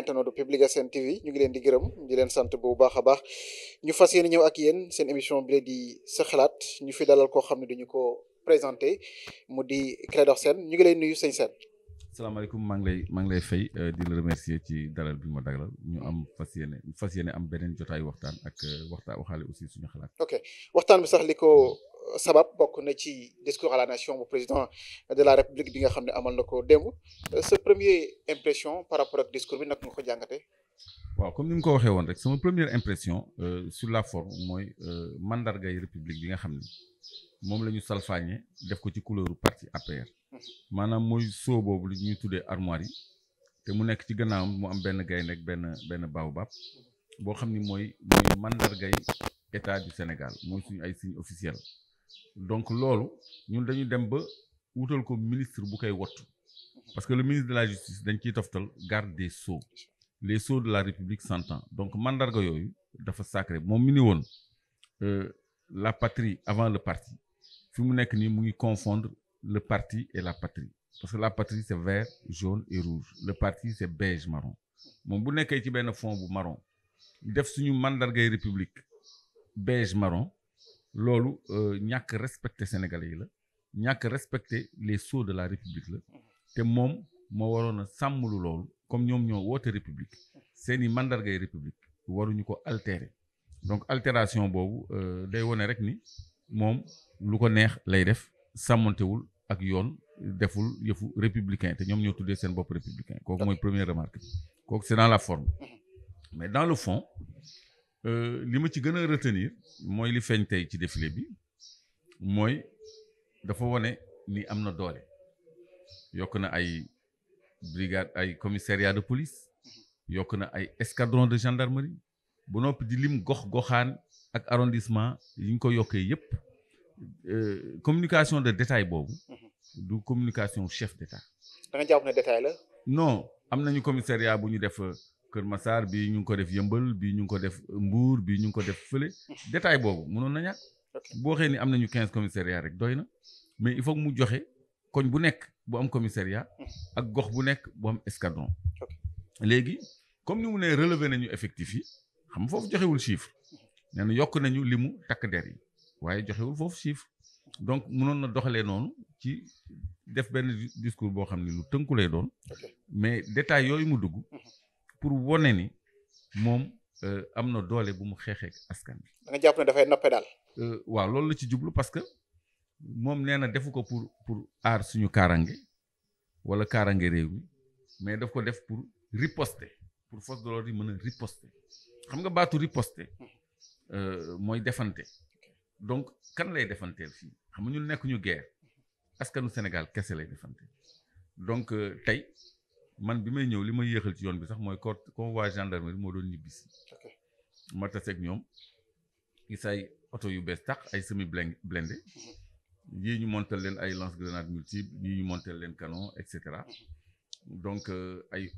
internet Publica Sen TV ñu ngi leen di gërëm leen sant bu baax a baax ñu fas yéene ñëw ak yéen seen émission bi di sa xalaat ñu fi dalal koo xam ne dañu ko présenté mu di Clédor seen ñu ngi lay nuyu sëñ Sène. salaamaaleykum maa ngi lay maa ngi lay fay euh, di la remercier ci dalal bi ma dalal ñu am fas yéene fas am beneen jotaayu waxtaan ak euh, waxtaan waxaale waxtaan bi sax ko sabab bokk na ci discours à la nation bu président de la république bi nga xamné amal na ko démb sa impression par rapport au discours bi nak nga ko jàngatee. waaw comme ni mu ko waxee woon rek sama première impression euh, sur la forme mooy euh, mandargay république bi nga xamné mom lañu la def ko ci couleuru parti APR. manam moy so bobu li ñuy tuddee armoire té mu nekk ci gannaam mu am ben gaynde ak ben benn baobab bo xam moy mandargay état du Sénégal moy suñu ay signe officiel donc nous ñun dañuy dem ba le ko ministre bu parce que le ministre de la justice dañ garde des sceaux les sceaux de la république s'entend donc mandarga yooyu dafa sacré mon euh, la patrie avant le parti Si mu ni confondre le parti et la patrie parce que la patrie c'est vert jaune et rouge le parti c'est beige marron moom bu nekkee ci benn fond bu marron def suñu la république beige marron loolu euh, ñàkk respecté sénégalais yi la ñàkk respecté les sceaux de la république la te moom moo waroon a sàmmlu loolu comme ñoom ñoo woote république seeni mandargay république waruñu ko altérer donc altération boobu euh, day wone rek ni moom lu ko neex lay def sàmmantewul ak yoon deful yëfu républicain te ñoom ñoo tuddee seen bopp républicain kooku mooy première remarque bi kooku c'est dans la forme mais dans le fond euh, li ma ci gën a retenir mooy li feeñ tey ci défilé bi mooy dafa wane ni am na doole yokk na ay brigade ay commissariat de police yokk na ay escadron de gendarmerie bu noppi di lim gox goxaan ak arrondissement yi ñu ko yokkee yépp euh, communication de détail boobu du communication chef d'état da nga jàpp ne détail la non am nañu commissariat bu ñu def Kër Massar bii ñu ko def yëmbal bi ñu ko def mbour bi ñu ko def feulé détail bobu mënon na ñàkk boo ni am nañu quinze commissariat rek doyna mais il faut mu joxé koñ bu nek bu am commissariat ak gox bu nek bu escadron légui comme ni mu né relevé nañu effectif yi xam fofu joxé wul chiffre nee yok nañu limu tak der yi joxé wul fofu chiffre donc mënon na doxalé nonu ci def ben discours bo xamni lu tënku mais détail yoy mu dugg mhm. pour wone ni moom euh, am na doole bu mu xeexee askan bi da jàpp ne dafay noppe daal. Euh, waaw loolu la ci jublu parce que moom nee na defu ko pour pour aar suñu kaarange wala kaarange réew mi mais daf ko def pour riposter pour force de yi mën a riposter xam nga baatu riposter euh, mooy defante donc kan lay defanteel fii xam nga ñun nekk ñu guerre askanu Sénégal kese lay defante donc tey man bi may ñëw li ma yéexal ci yoon bi sax mooy corps convoi gendarmerie moo ma ñoom gis ay yu bees tax ay semi blended. yii mhm. ñu montal leen ay lance grenade multiple yii ñu montal leen canon et mhm. donc euh, ay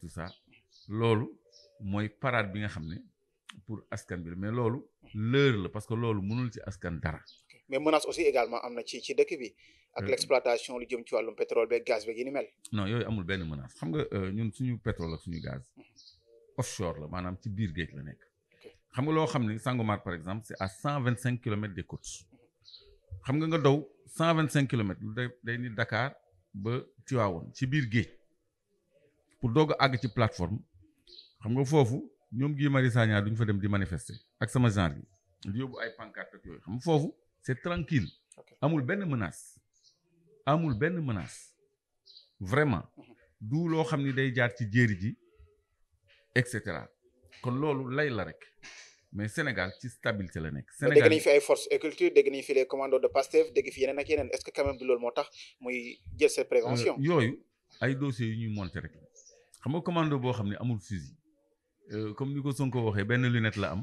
tout ça parade bi nga pour askan mais mhm. parce que mënul ci askan dara mais menace aussi également amna ci ci dëkk bi. ak l'exploitation lu jëm ci walum pétrole beeg gaz beeg yi ni mel. non yoy amul benn menace xam nga euh, ñun suñu pétrole ak suñu gaz. Mhm. offshore la manam ci biir geej la nekk. xam nga loo xam ni Sangomar par exemple c'est à 125 km des côtes. xam nga nga daw 125 km lu day ni Dakar ba Tivaouane ci biir geej pour doog a àgg ci plateforme xam nga foofu ñoom Guy Marius Sagna duñ fa dem di manifester ak sama genre yi di yóbbu ay pancarte ak yooyu xam nga foofu c'est tranquille amul ben menace amul ben menace vraiment mhm. du loo xam ni day jaar ci jéeri ji et cetera kon loolu lay la rek mais Sénégal ci stabilité la nekk. Sénégal dégg nañ fi ay forces et culture dégg les commandos de Pastef dégg les yeneen ak est-ce que quand même du loolu moo tax muy jël ses préventions. Euh, yooyu ay dossiers yu ñuy monter rek xam nga commando bo xam ne amul fusil euh, comme ni ko Sonko waxee benn lunette la am.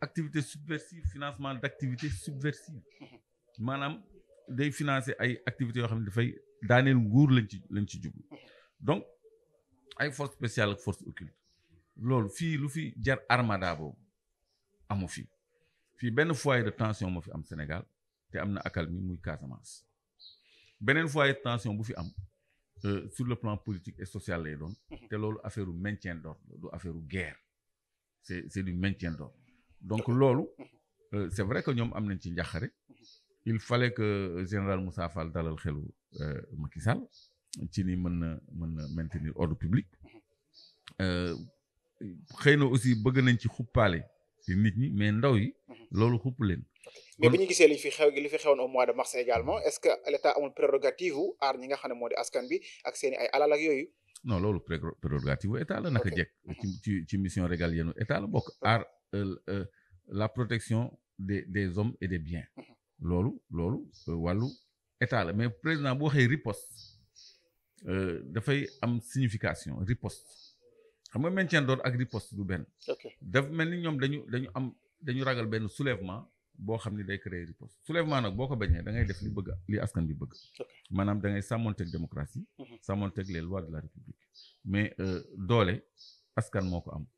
activité subversive financement d'activités subversives. subversive maanaam day financer ay activités yo xam faites, fay danel nguur lañ ci lañ ci jublu donc ay force spéciale ak force occulte loolu fi lu fi jar armada bob. amu fi fi benn foyer de tension mo fi am Sénégal té amna akal accalmie muy Casamance benen foyer de tension bu fi am euh, sur le plan politique et social lay don mmh. té affaire maintien d'ordre du affaire guerre c'est c'est du maintien d'ordre donc loolu euh, c'est vrai que ñoom am nañ ci njàqare il fallait que général Moussa Fall dalal xelu euh, Macky Sall ci ni mën na mën na maintenir ordre public euh, xëy na aussi bëgg nañ ci xuppaale ci nit ñi mais ndaw yi loolu xupp leen. mais bi ñu gisee li fi xew li fi xewoon au mois de mars également est-ce que l'État amul prérogative wu aar ñi nga xam ne moo di askan bi ak seen i ay alal ak yooyu. non loolu prérogative wu État la naka jekk. ci ci ci mission régalienne État la bok aar. Euh, euh, la protection des hommes et des biens lolo, lolo, walou, état Mais mais président bu est riposte euh, a une signification riposte Je nga ak riposte du benn. daf mel ni soulèvement soulèvement da ngay def li bëgg li askan bi bëgg. da ngay mhm. les lois de la république mais askan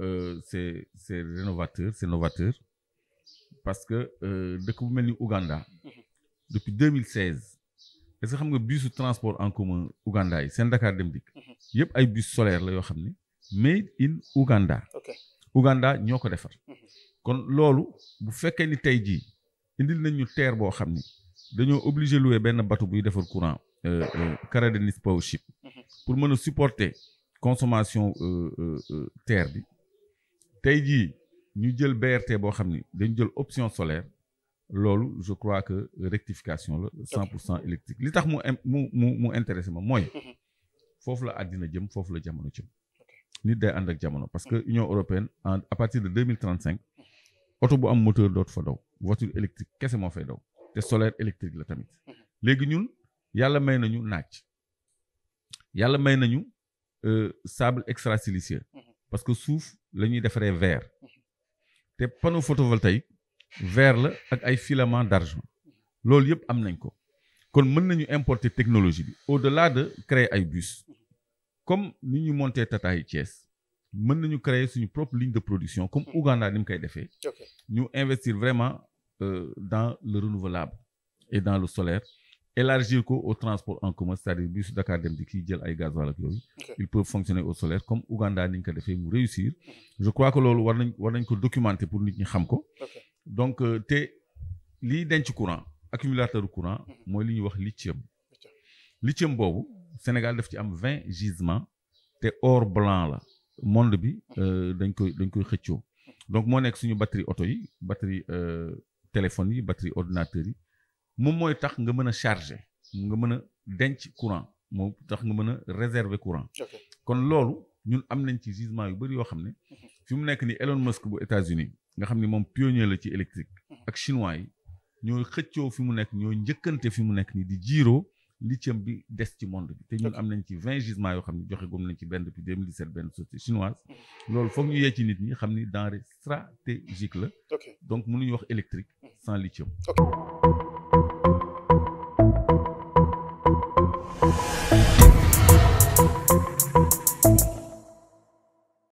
euh, c'est rénovateur c'est novateur parce que dès que vous ni Ouganda. Mhm. depuis 2016. est-ce que xam bus de transport en commun Ouganda yi seen Dakar il y a ay bus solaire la savez, made in Ouganda. ok Ouganda nous ko defar. Mhm. kon loolu bu fekkee ni tey jii indil nañ terre boo xam ni dañoo obligé louer un bateau buy defar courant. Euh, euh, Caredenis Ship, mhm. pour mën supporter consommation euh, terre tey jii ñu jël BRT bo xamni ni dañu jël option solaire lolu je crois que rectification la cent pour cent électrique li tax mu mu mu mu intéressé ma mooy mhm. fofu la adina jëm fofu la jamono ci nit day and ak jamono parce que mhm. Union européenne en à partir de deux mille trente cinq bu am moteur dootu fa daw voiture électrique kessé mo fay daw té solaire électrique la tamit mhm. légui ñun yalla may nañu naaj yalla may nañu euh, sable extra-siliceux parce que suuf la ñuy defaree verre te panneau photovoltaïque verre avec ak ay filament d'argent loolu yëpp am nañ ko kon mën nañu importer technologie au-delà de créer ay bus comme nous montons monter Tata yi Thiès mën nañu créer suñu propre ligne de production comme mm-hmm. Ouganda ni mu koy defee ñu investir vraiment euh, dans le renouvelable et dans le solaire élargir au transport en commun c'est-à-dire le Dakar dem di ki jël ay gasoil ak ils peuvent fonctionner au solaire comme Ouganda a fait ko réussir je crois que loolu war nañ ko documenter pour nit ñi xam ko donc euh, té li denc courant accumulateur courant moy mhm. li wax lithium lithium bobu Sénégal daf ci am 20 gisements té or blanc la monde bi mhm. euh, dañ koy dañ koy donc mo nek suñu batterie auto yi batterie euh, téléphone yi batterie ordinateur moom moy tax nga mën charger nga mën denc courant moom tax nga mën réserver courant. kon loolu ñun am nañ ci jugement yu bari yoo xam ne. Mhm. fi mu nekk ni Elon Musk bu États-Unis nga xam ni moom pionnier la ci électrique. Mhm. ak chinois yi ñooy xëccoo fi mu nekk ñooy njëkkante fi mu nekk nii di jiiroo lithium bi des ci monde bi. te ñun am nañ ci 20 gisements yoo xam ne joxe gum nañ ci benn depuis 2017 benn société chinoise. Mhm. loolu foog ñu yee ci nit ñi xam ni denrée stratégique la. donc mënuñu wax électrique sans lithium.